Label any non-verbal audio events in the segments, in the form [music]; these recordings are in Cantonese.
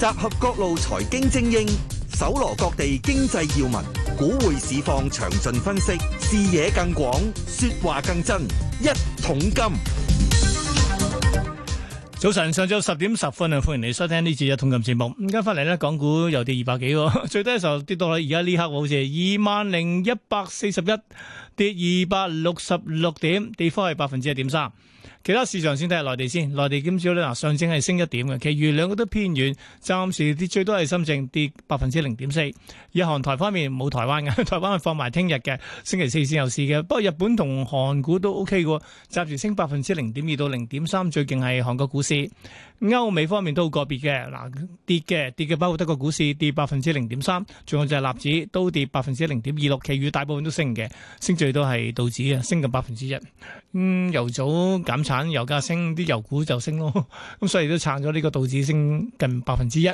集合各路財經精英，搜羅各地經濟要聞，股匯市況詳盡分析，視野更廣，說話更真。一桶金。早晨，上晝十點十分啊！歡迎你收聽呢次一桶金節目。而家翻嚟咧，港股又跌二百幾，最低嘅時候跌到去而家呢刻，好似係二萬零一百四十一，跌二百六十六點，跌幅係百分之一點三。其他市場先睇下內地先，內地今朝咧嗱上證係升一點嘅，其餘兩個都偏軟，暫時跌最多係深圳，跌百分之零點四。日韓台方面冇台灣嘅，台灣係放埋聽日嘅星期四先有市嘅。不過日本同韓股都 OK 嘅喎，暫時升百分之零點二到零點三，最勁係韓國股市。歐美方面都好個別嘅，嗱跌嘅跌嘅包括德國股市跌百分之零點三，仲有就係納指都跌百分之零點二六，其餘大部分都升嘅，升最多係道指啊，升近百分之一。咁、嗯、由早減。產油價升，啲油股就升咯，咁所以都撐咗呢個道指升近百分之一。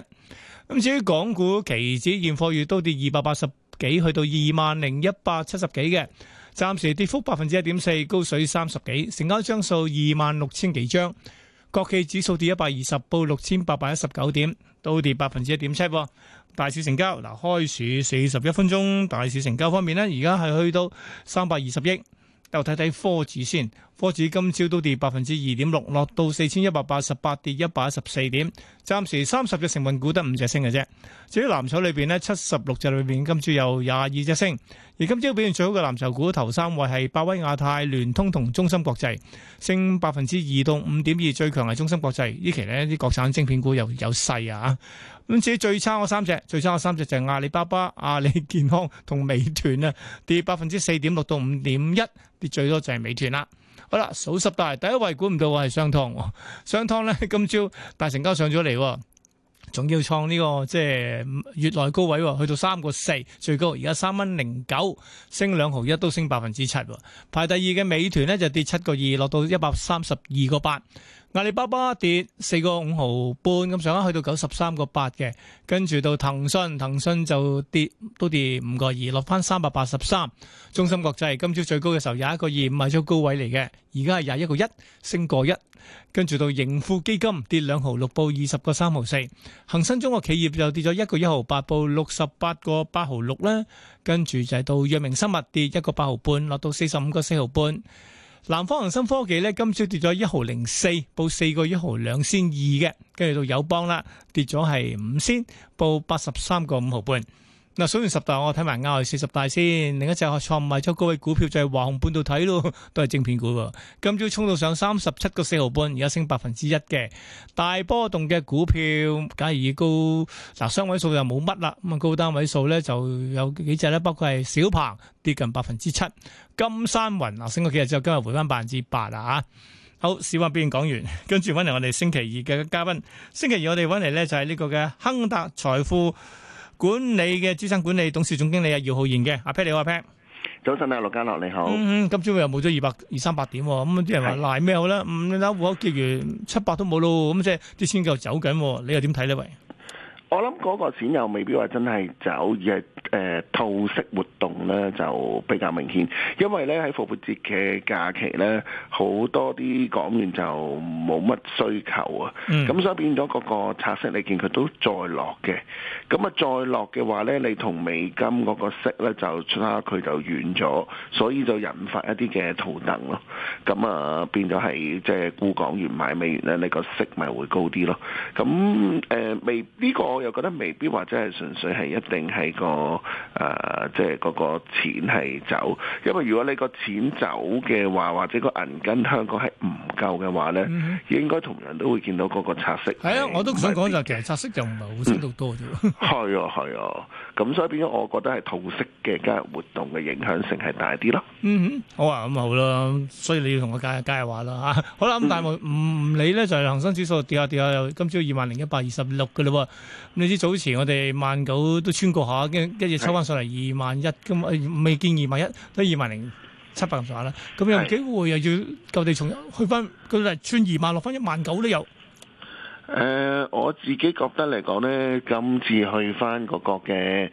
咁至於港股期指現貨，月都跌二百八十幾，去到二萬零一百七十幾嘅，暫時跌幅百分之一點四，高水三十幾，成交張數二萬六千幾張。國企指數跌一百二十，報六千八百一十九點，都跌百分之一點七。大市成交嗱，開市四十一分鐘，大市成交方面呢，而家係去到三百二十億。又睇睇科指先。科指今朝都跌百分之二點六，落到四千一百八十八，跌一百一十四點。暫時三十隻成分股得五隻升嘅啫。至於藍籌裏邊呢，七十六隻裏邊今朝有廿二隻升。而今朝表現最好嘅藍籌股頭三位係百威亞太、聯通同中芯國際，升百分之二到五點二，最強係中芯國際。呢期呢啲國產晶片股又有勢啊！咁至於最差嗰三隻，最差嗰三隻就係阿里巴巴、阿里健康同美團啊，跌百分之四點六到五點一，跌最多就係美團啦。好啦，數十大，第一位估唔到我係商湯，商湯咧今朝大成交上咗嚟，仲要創呢個即係月內高位，去到三個四最高，而家三蚊零九，升兩毫一都升百分之七，排第二嘅美團咧就跌七個二，落到一百三十二個八。阿里巴巴跌四個五毫半咁上下，去到九十三個八嘅，跟住到騰訊，騰訊就跌都跌五個二，落翻三百八十三。中芯國際今朝最高嘅時候廿一個二，買咗高位嚟嘅，而家係廿一個一，升過一。跟住到盈富基金跌兩毫六，報二十個三毫四。恒生中國企業就跌咗一個一毫八，報六十八個八毫六啦。跟住就係到藥明生物跌一個八毫半，落到四十五個四毫半。南方恒生科技咧，今朝跌咗一毫零四，報四個一毫兩仙二嘅，跟住到友邦啦，跌咗係五仙，報八十三個五毫半。嗱，數完十大，我睇埋啱去四十大先。另一隻我唔係咗高位股票就係華虹半導體咯，都係晶片股。今朝衝到上三十七個四毫半，而家升百分之一嘅大波動嘅股票。假如高嗱雙位數又冇乜啦，咁啊高單位數咧就有幾隻咧，包括係小鵬跌近百分之七，金山雲升咗幾日之後今日回翻百分之八啦吓。好，小話邊講完，跟住揾嚟我哋星期二嘅嘉賓。星期二我哋揾嚟呢，就係呢個嘅亨達財富。管理嘅資產管理董事總經理係姚浩然嘅，阿 Peter，你好，Peter，早晨啊，陸家樂你好。嗯，今朝又冇咗二百二三百點，咁啲人話賴咩好啦，你粒戶口結完，七百都冇咯，咁即係啲錢又走緊，你又點睇呢喂？我諗嗰個錢又未必話真係走嘅，誒套息活動咧就比較明顯，因為咧喺復活節嘅假期咧，好多啲港元就冇乜需求啊，咁、嗯、所以變咗嗰個拆息，你見佢都再落嘅，咁啊再落嘅話咧，你同美金嗰個息咧就差佢就遠咗，所以就引發一啲嘅套戥咯，咁啊、呃、變咗係即係沽港元買美元咧，你個息咪會高啲咯，咁、呃、未呢、呢個？我又覺得未必或者係純粹係一定係個誒，即係嗰個錢係走，因為如果你個錢走嘅話，或者個銀根香港係唔夠嘅話咧、嗯，應該同樣都會見到嗰個拆息、嗯。係、嗯、啊，我都想講就其實拆息就唔係好升到多啫。係啊，係啊，咁所以變咗我覺得係套息嘅交易活動嘅影響性係大啲咯。嗯好啊，咁好啦，所以你要同我解解下話啦嚇、啊。好啦、啊，咁但係唔理咧，就係、是、恒生指數跌下跌下，又今朝二萬零一百二十六嘅嘞喎。你知早前我哋萬九都穿過下，跟住抽翻上嚟二萬一，咁未見二萬一都二萬零七百咁上下啦。咁有機會又要舊地重去翻，佢嚟穿二萬落翻一萬九都有。誒、呃，我自己覺得嚟講咧，今次去翻嗰個嘅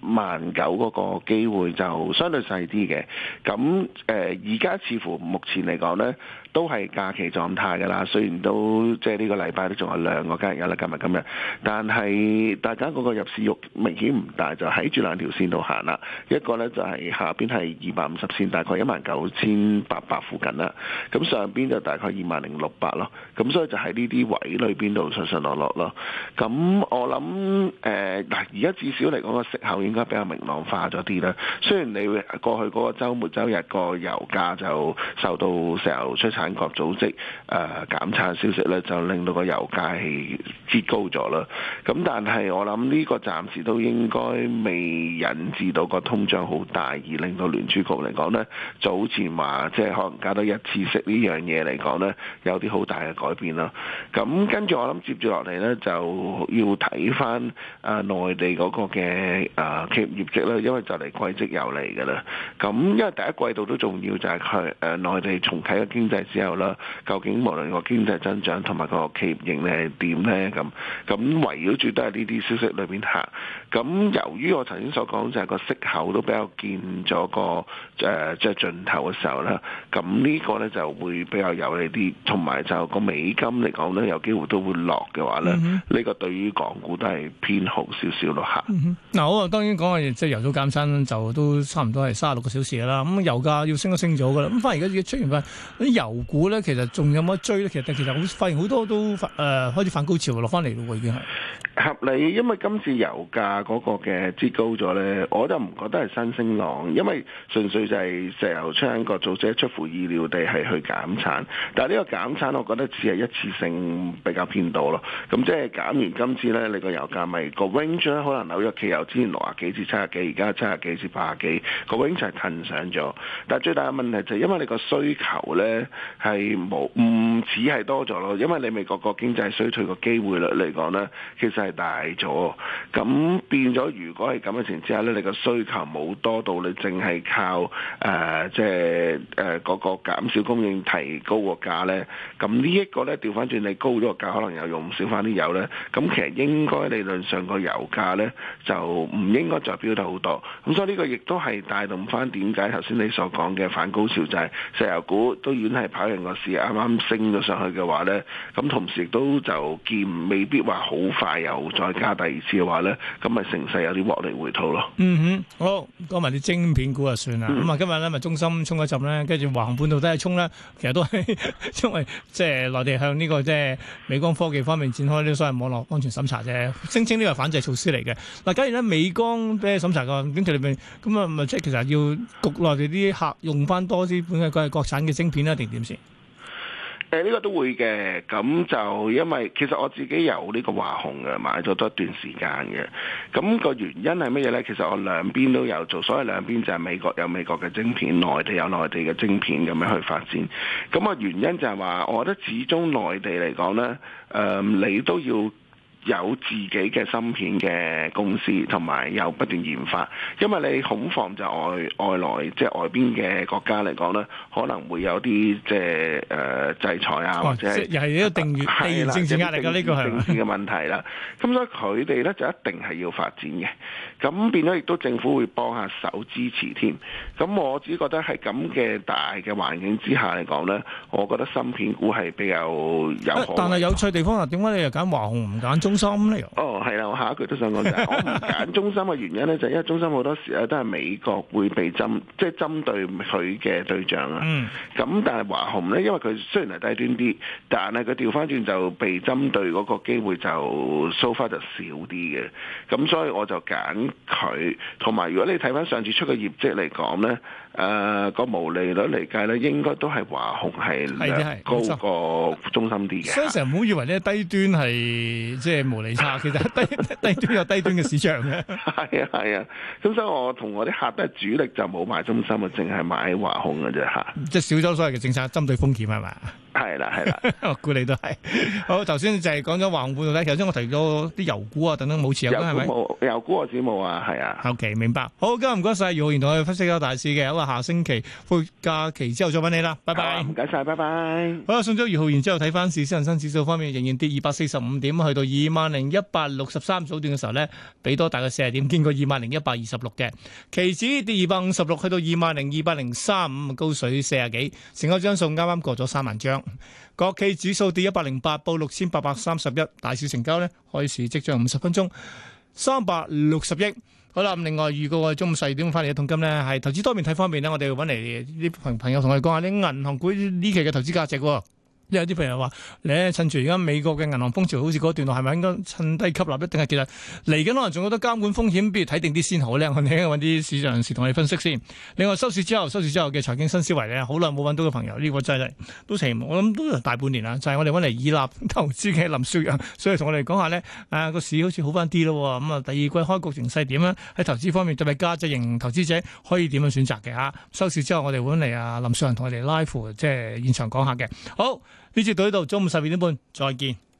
萬九嗰個機會就相對細啲嘅。咁而家似乎目前嚟講咧，都係假期狀態㗎啦，雖然都即係呢個禮拜都仲有兩個交易日啦，今日今日，但係大家嗰個入市欲明顯唔大，就喺住兩條線度行啦。一個呢就係下邊係二百五十線，大概一萬九千八百附近啦。咁上邊就大概二萬零六百咯。咁所以就喺呢啲位裏邊度上上落落咯。咁我諗誒嗱，而家至少嚟講個息口應該比較明朗化咗啲啦。雖然你過去嗰個週末週日個油價就受到石油出產國組織誒、呃、減產消息咧，就令到個油價係扯高咗啦。咁但係我諗呢個暫時都應該未引致到個通脹好大，而令到聯儲局嚟講呢，早前話即係可能加多一次息呢樣嘢嚟講呢，有啲好大嘅改變啦。咁跟住我諗接住落嚟呢，就要睇返啊內地嗰個嘅誒企業，業績啦，因為就嚟季績又嚟㗎啦。咁因為第一季度都重要就係佢誒內地重啟嘅經濟。之後啦，究竟無論個經濟增長同埋個企業盈利係點咧？咁咁圍繞住都係呢啲消息裏邊行。咁由於我頭先所講就係個息口都比較見咗個誒即係盡頭嘅時候啦。咁、這、呢個咧就會比較有利啲，同埋就個美金嚟講咧有機會都會落嘅話咧，呢、嗯這個對於港股都係偏好少少咯嚇。嗱、嗯嗯、好啊，當然講係即係油組減產就都、是、差唔多係三十六個小時啦。咁油價要升都升咗嘅啦。咁反而而家要出現翻油股咧，其實仲有冇得追咧？其實其實好發現好多都誒、呃、開始反高潮落翻嚟咯喎，已經係。合理，因為今次油價嗰個嘅跌高咗呢，我就唔覺得係新升浪，因為純粹就係石油產國組織出乎意料地係去減產。但係呢個減產，我覺得只係一次性比較偏多咯。咁即係減完今次呢，你個油價咪個 range 呢可能紐約期油之前六啊幾至七啊幾，而家七啊幾至八啊幾，個 range 係騰上咗。但係最大嘅問題就係因為你個需求呢係冇唔止係多咗咯，因為你美國個經濟衰退個機會率嚟講呢，其實。係大咗，咁變咗。如果係咁嘅情況之下呢，你個需求冇多到你，你淨係靠誒，即係誒個個減少供應，提高個價呢。咁呢一個呢調翻轉你高咗個價，可能又用唔少翻啲油呢。咁其實應該理論上個油價呢就唔應該再飆得好多。咁所以呢個亦都係帶動翻點解頭先你所講嘅反高潮。就係石油股都遠係跑贏個市，啱啱升咗上去嘅話呢，咁同時都就見未必話好快。又再加第二次嘅話咧，咁咪成勢有啲獲利回吐咯。嗯哼，好講埋啲晶片股就算啦。咁、嗯、啊，今日咧咪中芯沖一浸咧，跟住華虹半導體又沖咧，其實都係因為即係內地向呢、這個即係美光科技方面展開啲所謂網絡安全審查啫，聲稱呢個係反制措施嚟嘅。嗱、啊，假如咧美光俾審查個警局裏邊，咁啊咪即係其實要焗內地啲客用翻多啲本港國國產嘅晶片咧，定點先？誒、這、呢個都會嘅，咁就因為其實我自己有呢個華虹嘅買咗多一段時間嘅，咁、那個原因係乜嘢呢？其實我兩邊都有做，所以兩邊就係美國有美國嘅晶片，內地有內地嘅晶片咁樣去發展。咁、那個原因就係、是、話，我覺得始終內地嚟講呢，誒、呃、你都要。有自己嘅芯片嘅公司，同埋有不斷研發，因為你恐防就外外來，即係外邊嘅國家嚟講咧，可能會有啲即係誒制裁啊，或者係又係一個定義政治壓力嘅呢個係政治嘅問題啦。咁所以佢哋咧就一定係要發展嘅，咁變咗亦都政府會幫下手支持添。咁我自己覺得係咁嘅大嘅環境之下嚟講咧，我覺得芯片股係比較有。但係有趣地方啊，點解你又揀華虹唔揀中？中芯咧，哦，係啦，我下一句都想講就係我唔揀中芯嘅原因咧，就係 [laughs] 因為中芯好多時咧都係美國會被針，即係針對佢嘅對象啊。咁、嗯、但係華虹咧，因為佢雖然係低端啲，但係佢調翻轉就被針對嗰個機會就 so far 就少啲嘅。咁所以我就揀佢。同埋如果你睇翻上次出嘅業績嚟講咧，誒、呃，那個毛利率嚟計咧，應該都係華虹係高過中芯啲嘅。所以成日唔好以為呢低端係即係。無理差，其實低 [laughs] 低端有低端嘅市場嘅。係啊係啊，咁、啊啊、所以我同我啲客都係主力就冇買中心，只是買是啊，淨係買華控嘅啫吓，即係少咗所謂嘅政策針對風險，係嘛。是係啦，係啦， [laughs] 我估你都係。 [laughs] 好，頭先就係講咗橫盤度啦。頭 [laughs] 先我提咗啲油股啊、等等，冇持有。係咪？油股啊，指冇啊，係啊。OK，明白。好，今日唔該晒姚浩然同我分析下大市嘅。好，我下星期放假期之後再揾你啦。拜拜。唔該晒，拜拜。好，送咗姚浩然之後，睇翻市，市，恒生指數方面仍然跌二百四十五點，去到二萬零一百六十三，早段嘅時候咧，俾多大概四十點，見過二萬零一百二十六嘅。期指跌二百五十六，去到二萬零二百零三五，高水四十幾，成交張數啱啱過咗三萬張。國企指數跌一百零八，報六千八百三十一。大市成交咧，開市即將五十分鐘，三百六十億。好啦，另外預告我哋中午十二點翻嚟嘅桶金咧，係投資多面睇方面咧，我哋要揾嚟啲朋朋友同我哋講下啲銀行股呢期嘅投資價值。有啲朋友話：你趁住而家美國嘅銀行風潮，好似嗰段路係咪應該趁低吸納？一定係其實嚟緊，可能仲有得監管風險，不如睇定啲先好咧。我哋喺度揾啲市場人士同我哋分析先。另外收市之後，收市之後嘅財經新思維咧，好耐冇揾到嘅朋友，呢、呢個真係都成，我諗都大半年啦。就係、係、我哋揾嚟以立投資嘅林少陽，所以同我哋講下呢誒個市好似好返啲咯。咁啊，第二季開局情勢點咧？喺投資方面，特別價值型投資者可以點樣選擇嘅嚇？收市之後，我哋會嚟啊，林少陽同我哋 live 即係現場講下嘅。好。呢節到呢度，中午十二點半，再見。